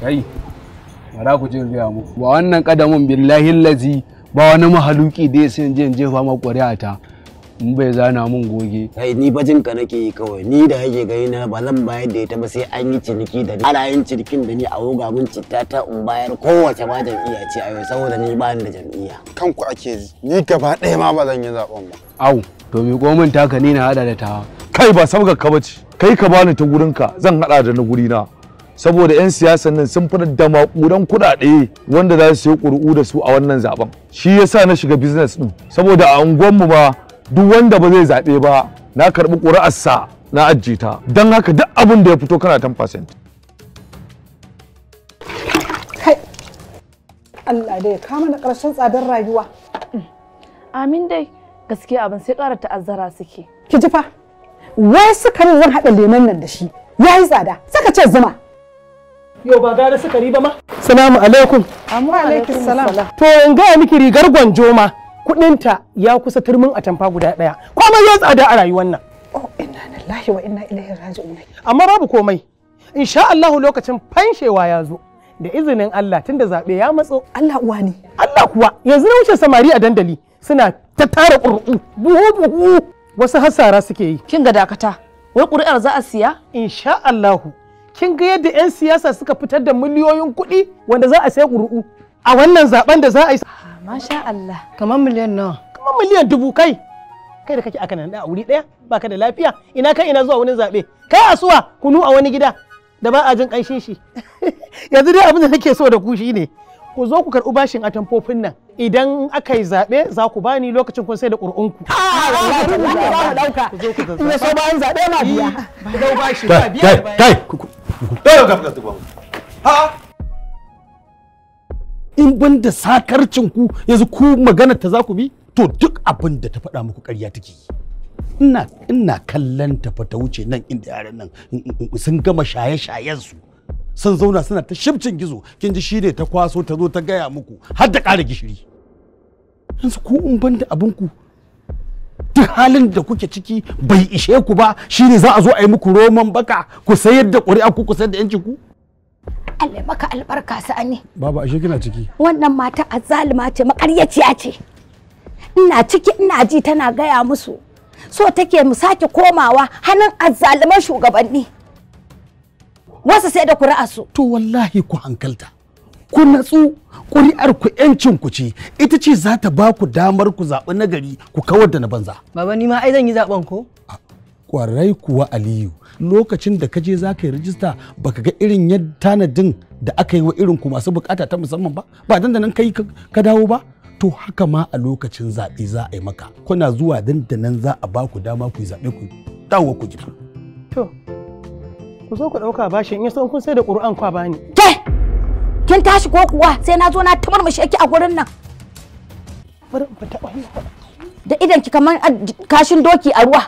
kai bara ku je gaya mu ba wannan kadamin billahi lazi ba wani mahaluki da ya san jin jefa ma ƙuri'a ta in bai zana mun goge kai ni bajin jinka nake yi kawai ni da hage gani na ba zan bayar da ita ba sai an yi ciniki da ni ana yin cinikin da ni a woga mun citta ta in bayar kowace ma jam'iyya ce a yau saboda ni ba ni da jam'iyya kanku ake ni gaba ɗaya ma ba zan yi zaben ba au to mi gomin taka ni na hada da tawa kai ba sabga ka bace kai ka bani ta gurinka zan hada da na guri gurina saboda 'yan siyasan nan sun fi da makuran kuɗaɗe wanda za su yi ƙuri'u da su a wannan zaben shi ya sa na shiga business ɗin. saboda a unguwanmu ba, duk wanda ba zai zaɓe ba na karɓi ƙuri'arsa na ajiye ta don haka duk abin da ya fito kana 10% Allah dai ka mana ƙarshen tsadar rayuwa. Amin dai gaskiya abin sai ƙara ta'azzara suke. Ki ji fa, wai sukarin zan haɗa lemon nan da shi, ya yi tsada, saka ce zuma. yau ba gara suka riba ma salamu alaikum amma alaikum salam to in ga miki rigar gwanjo ma kudinta ya kusa turmin atamfa guda daya komai ya tsada a rayuwar nan oh inna lillahi wa inna ilaihi raji'un amma babu komai insha Allah lokacin fanshewa ya zo da izinin Allah tunda zabe ya matso Allah uwa ne Allah kuwa yanzu na wuce samari a dandali suna ta tara ƙur'u buhu buhu wasu hasara suke yi kin ga dakata wai ƙuri'ar za a siya insha Allahu kin ga yadda 'yan siyasa suka fitar da miliyoyin kuɗi wanda za a sai ƙuri'u a wannan zaben da za a yi. Masha Allah, kamar miliyan nawa. Kamar miliyan dubu kai. Kai da kake aka nan a wuri ɗaya baka da lafiya ina kai ina zuwa wani zaɓe kai asuwa kunu a wani gida da ba a jin ƙanshin shi. Yanzu dai abin da nake so da ku shi ne ku zo ku karɓi bashin a tamfofin nan idan aka yi zaɓe za ku bani lokacin kun sai da ƙur'unku. Ku ina ku zazzaɓa. In ya so bayan zaɓe ma biya. Ku dau bashi ba biya In ban da sakarcin ku yanzu ku magana ta za ku bi? To duk abin da ta faɗa muku ƙarya take yi. Ina ina kallon ta fa ta wuce nan inda yaran nan sun gama shaye-shayen su. Sun zauna suna ta shibcin gizo kin ji shi ne ta kwaso ta zo ta gaya muku har da ƙara gishiri. Yanzu ku in ban da abin ku duk halin da kuke ciki bai ishe ku ba shine za a zo a yi muku roman baka ku sayar da ƙuri'a ku sayar da yanci ku Allah maka albarka sani baba ashe kina ciki wannan mata azzaluma ce makaryaciya ce ina ciki ina ji tana gaya musu so take mu sake komawa hannun azzaliman shugabanni wasu sai da ƙuri'a su to wallahi ku hankalta ku natsu ƙuri'ar ku yancin ku ce ita ce za ta ba ku damar ku zaɓi nagari ku kawar da na banza baba ni ma ai zan yi zaɓen ko kwarai kuwa aliyu lokacin da ka je za ka yi rijista baka ga irin yadda tanadin da aka yi wa irin ku masu bukata ta musamman ba ba nan kai ka dawo ba to haka ma a lokacin zaɓe za a yi maka kuna zuwa dandanan za a ba ku dama ku yi zaɓe ku dawo ku gida to ku zo ku ɗauka bashin in kun sai da ƙuri'an kwa bani. kin tashi ko kuwa sai na zo na tamarmashe ki a gurin nan da idan ki kamar kashin doki a ruwa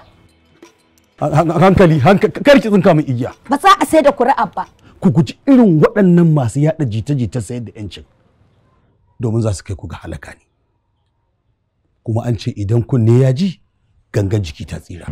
hankali hankali kar ki tsinka min igiya ba za a sai da kuri'a ba ku guji irin waɗannan masu yaɗa jita-jita sayar da yancin domin za su kai ku ga halaka ne kuma an ce idan kunne ya ji gangan jiki ta tsira.